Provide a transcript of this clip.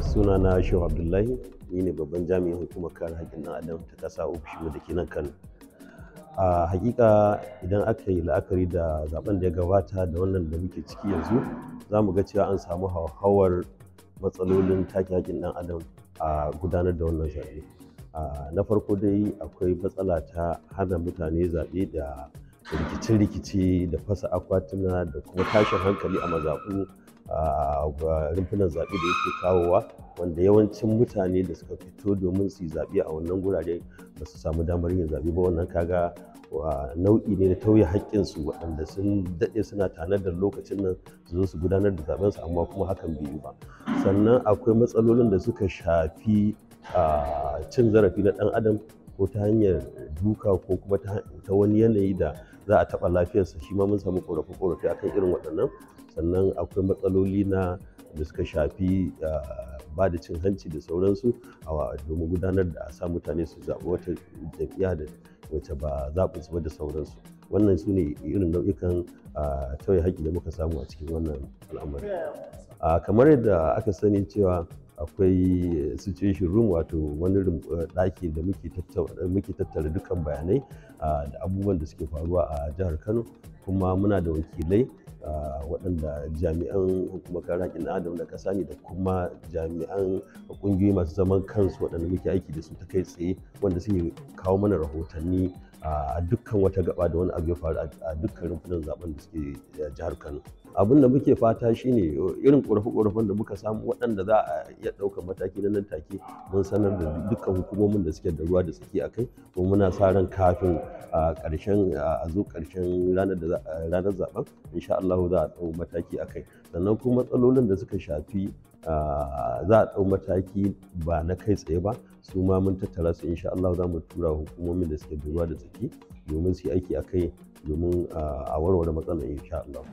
suna na shehu abdullahi ni ne babban jami'in hukumar kare haƙƙin ɗan adam ta ƙasa ofishinmu da ke nan kano a hakika idan aka yi la'akari da zaben da ya gabata da wannan da muke ciki yanzu za mu ga cewa an samu hauhawar matsalolin take haƙƙin ɗan adam a gudanar da wannan zaɓe na farko dai akwai matsala ta hana mutane zaɓe da rikice-rikice da fasa akwatuna da kuma tashin hankali a mazaɓu rumfunan zaɓe da yake kawowa wanda yawancin mutane da suka fito domin su yi zaɓe a wannan gurare ba su samu damar yin zaɓe ba wannan kaga nau'i ne da tauye haƙƙinsu waɗanda sun daɗe suna tanadar lokacin nan su zo su gudanar da zaɓensu amma kuma hakan bai yi ba sannan akwai matsalolin da suka shafi cin zarafi na ɗan adam ko ta hanyar duka ko kuma ta wani yanayi da za a taɓa lafiyarsa shi ma mun samu ƙorafe ƙorafi akan irin waɗannan sannan akwai matsaloli na da suka shafi ba da cin hanci da sauransu domin gudanar da a sa mutane su zaɓi wata jam'iyya da wacce ba zaɓin su ba da sauransu wannan su ne irin nau'ikan tauye haƙƙi da muka samu a cikin wannan al'amari kamar yadda aka sani cewa akwai situation room wato wani eh, ɗaki da muke eh, tattara dukan bayanai ah, da abubuwan da suke faruwa a jihar kano kuma muna da wakilai ah, waɗanda jami'an hukumar kare adam na ƙasa ne da kuma jami'an ƙungiyoyi masu zaman kansu waɗanda muke aiki da su ta kai tsaye wanda suke kawo mana rahotanni a dukkan wata gaba da wani abu ya faru a dukkan rumfunan zaben da suke eh, jihar Kano. Abin da muke fata shine eh, irin ƙorafe-ƙorafen da muka samu waɗanda za a iya ɗaukar mataki na nan take mun sanar da dukkan hukumomin da suke da ruwa da tsaki a kai ko muna sa ran kafin ƙarshen a zo ƙarshen ranar zaben insha Allah za a ɗau mataki a kai sannan kuma matsalolin da suka shafi Ah, za a ɗau mataki ba na kai tsaye ba su ma mun tattara su insha Allah za mu tura hukumomin da suke da ruwa da tsaki domin su yi aiki a kai domin ah, a warware matsalar insha Allah.